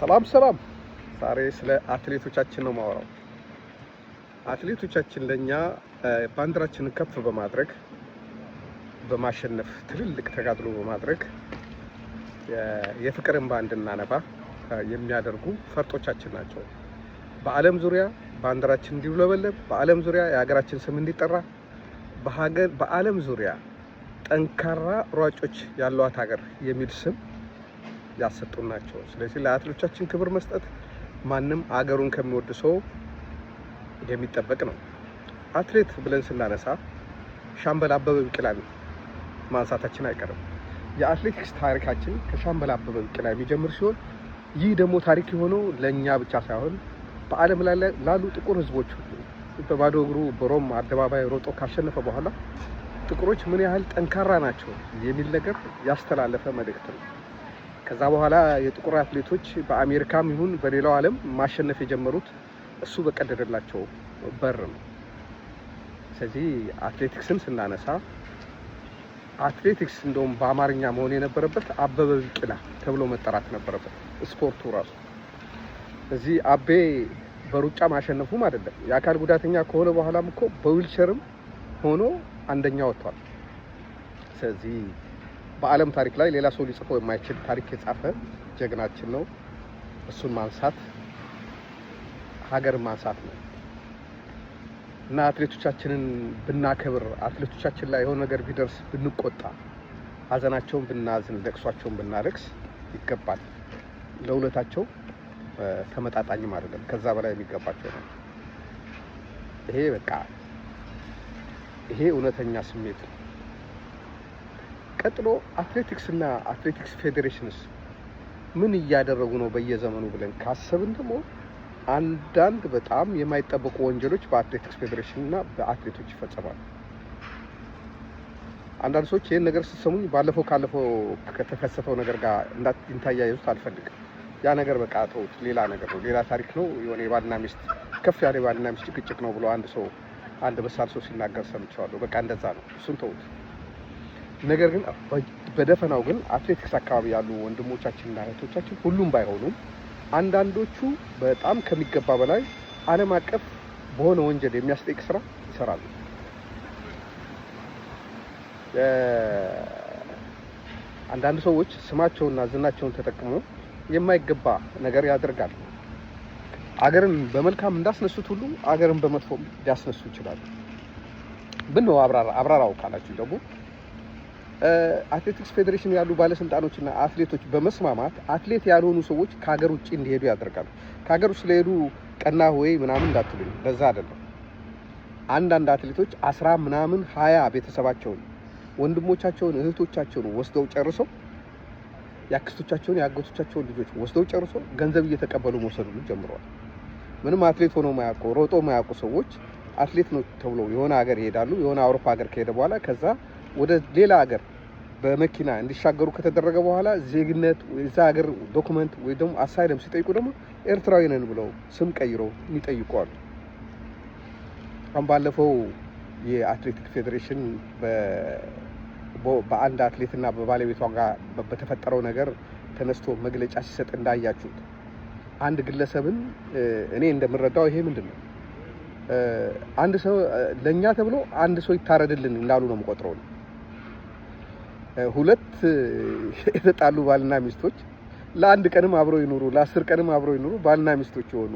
ሰላም ሰላም። ዛሬ ስለ አትሌቶቻችን ነው ማወራው። አትሌቶቻችን ለኛ ባንዲራችንን ከፍ በማድረግ በማሸነፍ ትልልቅ ተጋድሎ በማድረግ የፍቅርን ባንድ እናነባ የሚያደርጉ ፈርጦቻችን ናቸው። በዓለም ዙሪያ ባንዲራችን እንዲውለበለብ፣ በዓለም ዙሪያ የሀገራችን ስም እንዲጠራ፣ በዓለም ዙሪያ ጠንካራ ሯጮች ያሏት ሀገር የሚል ስም ያሰጡን ናቸው። ስለዚህ ለአትሌቶቻችን ክብር መስጠት ማንም አገሩን ከሚወድ ሰው የሚጠበቅ ነው። አትሌት ብለን ስናነሳ ሻምበል አበበ ቢቂላን ማንሳታችን አይቀርም። የአትሌቲክስ ታሪካችን ከሻምበል አበበ ቢቂላ የሚጀምር ሲሆን ይህ ደግሞ ታሪክ የሆነው ለእኛ ብቻ ሳይሆን በዓለም ላይ ላሉ ጥቁር ሕዝቦች ሁሉ በባዶ እግሩ በሮም አደባባይ ሮጦ ካሸነፈ በኋላ ጥቁሮች ምን ያህል ጠንካራ ናቸው የሚል ነገር ያስተላለፈ መልእክት ነው። ከዛ በኋላ የጥቁር አትሌቶች በአሜሪካም ይሁን በሌላው ዓለም ማሸነፍ የጀመሩት እሱ በቀደደላቸው በር ነው። ስለዚህ አትሌቲክስን ስናነሳ አትሌቲክስ እንደውም በአማርኛ መሆን የነበረበት አበበ ቢቂላ ተብሎ መጠራት ነበረበት ስፖርቱ ራሱ። እዚህ አቤ በሩጫ ማሸነፉም አይደለም የአካል ጉዳተኛ ከሆነ በኋላም እኮ በዊልቸርም ሆኖ አንደኛ ወጥቷል። ስለዚህ በዓለም ታሪክ ላይ ሌላ ሰው ሊጽፈው የማይችል ታሪክ የጻፈ ጀግናችን ነው። እሱን ማንሳት ሀገርን ማንሳት ነው እና አትሌቶቻችንን ብናከብር፣ አትሌቶቻችን ላይ የሆነ ነገር ቢደርስ ብንቆጣ፣ ሀዘናቸውን ብናዝን፣ ለቅሷቸውን ብናለቅስ ይገባል። ለውለታቸው ተመጣጣኝም አይደለም፣ ከዛ በላይ የሚገባቸው ነው። ይሄ በቃ ይሄ እውነተኛ ስሜት ነው። ቀጥሎ አትሌቲክስ እና አትሌቲክስ ፌዴሬሽንስ ምን እያደረጉ ነው በየዘመኑ ብለን ካሰብን ደግሞ አንዳንድ በጣም የማይጠበቁ ወንጀሎች በአትሌቲክስ ፌዴሬሽን እና በአትሌቶች ይፈጸማሉ። አንዳንድ ሰዎች ይህን ነገር ስትሰሙኝ ባለፈው ካለፈው ከተከሰተው ነገር ጋር እንዳታያይዙት አልፈልግም። ያ ነገር በቃ ተውት፣ ሌላ ነገር ነው፣ ሌላ ታሪክ ነው፣ የሆነ የባልና ሚስት ከፍ ያለ የባልና ሚስት ጭቅጭቅ ነው ብሎ አንድ ሰው አንድ በሳል ሰው ሲናገር ሰምቸዋለሁ። በቃ እንደዛ ነው፣ እሱን ተውት። ነገር ግን በደፈናው ግን አትሌቲክስ አካባቢ ያሉ ወንድሞቻችንና እህቶቻችን ሁሉም ባይሆኑም አንዳንዶቹ በጣም ከሚገባ በላይ ዓለም አቀፍ በሆነ ወንጀል የሚያስጠይቅ ስራ ይሰራሉ። አንዳንድ ሰዎች ስማቸውና ዝናቸውን ተጠቅሞ የማይገባ ነገር ያደርጋሉ። አገርን በመልካም እንዳስነሱት ሁሉ አገርን በመጥፎም ሊያስነሱ ይችላሉ። ምን ነው አብራራው ካላችሁ ደግሞ አትሌቲክስ ፌዴሬሽን ያሉ ባለስልጣኖችና አትሌቶች በመስማማት አትሌት ያልሆኑ ሰዎች ከሀገር ውጭ እንዲሄዱ ያደርጋሉ። ከሀገር ውስጥ ለሄዱ ቀና ወይ ምናምን እንዳትሉኝ፣ በዛ አይደለም። አንዳንድ አትሌቶች አስራ ምናምን ሀያ ቤተሰባቸውን፣ ወንድሞቻቸውን፣ እህቶቻቸውን ወስደው ጨርሰው የአክስቶቻቸውን የአጎቶቻቸውን ልጆች ወስደው ጨርሶ ገንዘብ እየተቀበሉ መውሰዱ ጀምረዋል። ምንም አትሌት ሆኖ ማያውቁ ሮጦ ማያውቁ ሰዎች አትሌት ነው ተብሎ የሆነ ሀገር ይሄዳሉ። የሆነ አውሮፓ ሀገር ከሄደ በኋላ ከዛ ወደ ሌላ ሀገር በመኪና እንዲሻገሩ ከተደረገ በኋላ ዜግነት የዛ ሀገር ዶኩመንት ወይ ደግሞ አሳይለም ሲጠይቁ ደግሞ ኤርትራዊ ነን ብለው ስም ቀይረው ይጠይቋሉ። አሁን ባለፈው የአትሌቲክ ፌዴሬሽን በአንድ አትሌትና በባለቤቷ ጋር በተፈጠረው ነገር ተነስቶ መግለጫ ሲሰጥ እንዳያችሁት አንድ ግለሰብን እኔ እንደምረዳው ይሄ ምንድን ነው አንድ ሰው ለእኛ ተብሎ አንድ ሰው ይታረድልን እንዳሉ ነው የምቆጥረው ነው ሁለት የተጣሉ ባልና ሚስቶች ለአንድ ቀንም አብረው ይኑሩ፣ ለአስር ቀንም አብረው ይኑሩ፣ ባልና ሚስቶች የሆኑ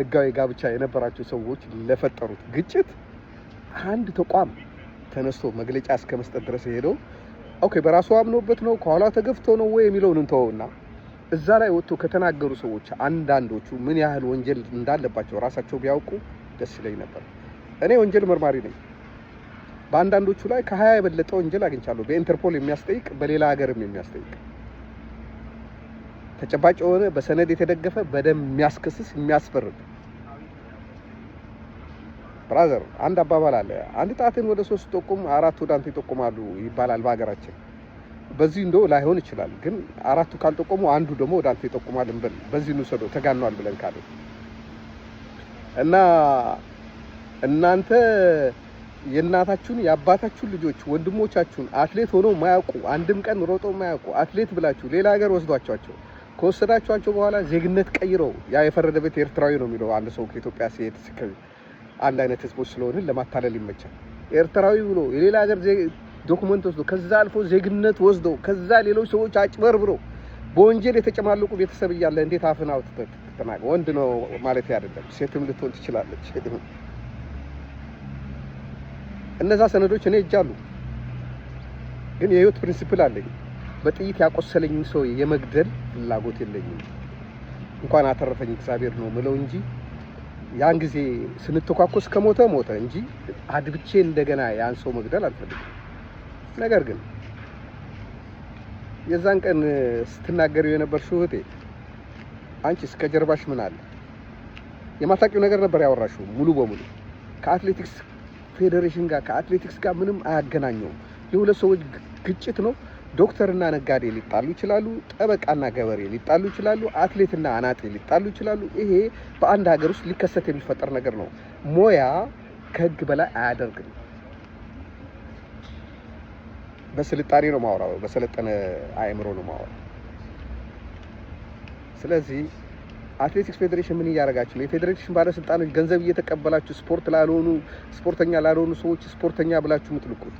ህጋዊ ጋብቻ የነበራቸው ሰዎች ለፈጠሩት ግጭት አንድ ተቋም ተነስቶ መግለጫ እስከ መስጠት ድረስ የሄደው ኦኬ፣ በራሱ አምኖበት ነው ከኋላ ተገፍቶ ነው ወይ የሚለውን እንተወውና እዛ ላይ ወጥቶ ከተናገሩ ሰዎች አንዳንዶቹ ምን ያህል ወንጀል እንዳለባቸው ራሳቸው ቢያውቁ ደስ ይለኝ ነበር። እኔ ወንጀል መርማሪ ነኝ። በአንዳንዶቹ ላይ ከሀያ የበለጠ ወንጀል አግኝቻለሁ። በኢንተርፖል የሚያስጠይቅ በሌላ ሀገርም የሚያስጠይቅ ተጨባጭ የሆነ በሰነድ የተደገፈ በደንብ የሚያስከስስ የሚያስፈርድ ብራዘር አንድ አባባል አለ። አንድ ጣትን ወደ ሶስት ጠቁም አራት ወደ አንተ ይጠቁማሉ ይባላል በሀገራችን። በዚህ እንደው ላይሆን ይችላል፣ ግን አራቱ ካልጠቆሙ አንዱ ደግሞ ወደ አንተ ይጠቁማል እንበል። በዚህ እንውሰዶ ተጋኗል ብለን ካለ እና እናንተ የእናታችሁን የአባታችሁን ልጆች ወንድሞቻችሁን አትሌት ሆነው ማያውቁ አንድም ቀን ሮጦ ማያውቁ አትሌት ብላችሁ ሌላ ሀገር ወስዷቸዋቸው ከወሰዳቸኋቸው በኋላ ዜግነት ቀይረው ያ የፈረደ ቤት ኤርትራዊ ነው የሚለው አንድ ሰው ከኢትዮጵያ ሲሄድ አንድ አይነት ህዝቦች ስለሆንን ለማታለል ይመቻል። ኤርትራዊ ብሎ የሌላ ሀገር ዶክመንት ወስዶ ከዛ አልፎ ዜግነት ወስዶ ከዛ ሌሎች ሰዎች አጭበርብሮ በወንጀል የተጨማለቁ ቤተሰብ እያለ እንዴት አፍን አውጥተህ ወንድ ነው ማለት አይደለም፣ ሴትም ልትሆን ትችላለች። እነዛ ሰነዶች እኔ እጅ አሉ። ግን የህይወት ፕሪንሲፕል አለኝ። በጥይት ያቆሰለኝ ሰው የመግደል ፍላጎት የለኝም። እንኳን አተረፈኝ እግዚአብሔር ነው ምለው እንጂ ያን ጊዜ ስንተኳኮስ ከሞተ ሞተ እንጂ አድብቼ እንደገና ያን ሰው መግደል አልፈልግም። ነገር ግን የዛን ቀን ስትናገሪው ሽሁቴ አንቺ አንቺስ ከጀርባሽ ምን አለ? የማታውቂው ነገር ነበር ያወራሽው ሙሉ በሙሉ ከአትሌቲክስ ፌዴሬሽን ጋር ከአትሌቲክስ ጋር ምንም አያገናኘውም። የሁለት ሰዎች ግጭት ነው። ዶክተርና ነጋዴ ሊጣሉ ይችላሉ። ጠበቃና ገበሬ ሊጣሉ ይችላሉ። አትሌትና አናጤ ሊጣሉ ይችላሉ። ይሄ በአንድ ሀገር ውስጥ ሊከሰት የሚፈጠር ነገር ነው። ሞያ ከህግ በላይ አያደርግም። በስልጣኔ ነው ማውራው፣ በሰለጠነ አእምሮ ነው ማውራው። ስለዚህ አትሌቲክስ ፌዴሬሽን ምን እያደረጋችሁ ነው? የፌዴሬሽን ባለስልጣኖች ገንዘብ እየተቀበላችሁ ስፖርት ላልሆኑ ስፖርተኛ ላልሆኑ ሰዎች ስፖርተኛ ብላችሁ የምትልኩት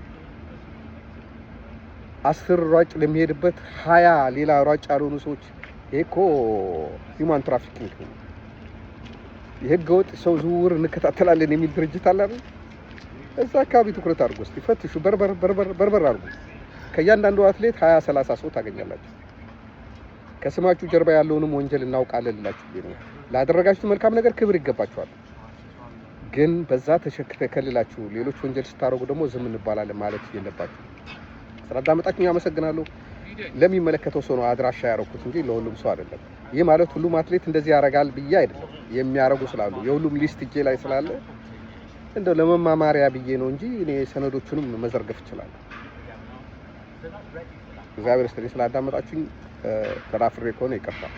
አስር ሯጭ ለሚሄድበት ሀያ ሌላ ሯጭ ያልሆኑ ሰዎች ይሄ እኮ ሂውማን ትራፊኪንግ የህገ ወጥ ሰው ዝውውር እንከታተላለን የሚል ድርጅት አለ አይደል? እዛ አካባቢ ትኩረት አድርጎ እስቲ ፈትሹ፣ በርበር አድርጎ ከእያንዳንዱ አትሌት ሀያ ሰላሳ ሰው ታገኛላችሁ። ከስማችሁ ጀርባ ያለውንም ወንጀል እናውቃለን ልላችሁ ነው። ላደረጋችሁ መልካም ነገር ክብር ይገባችኋል። ግን በዛ ከልላችሁ ሌሎች ወንጀል ስታደርጉ ደግሞ ዝም እንባላለን ማለት የለባችሁ። ስላዳመጣችሁ አመሰግናለሁ። ለሚመለከተው ሰው ነው አድራሻ ያደረኩት እንጂ ለሁሉም ሰው አይደለም። ይህ ማለት ሁሉም አትሌት እንደዚህ ያደርጋል ብዬ አይደለም። የሚያደርጉ ስላሉ የሁሉም ሊስት እጄ ላይ ስላለ እንደው ለመማማሪያ ብዬ ነው እንጂ እኔ ሰነዶቹንም መዘርገፍ እችላለሁ። እግዚአብሔር ስለ ስላዳመጣችሁኝ። ጥራፍሬ ከሆነ ይቀርፋል።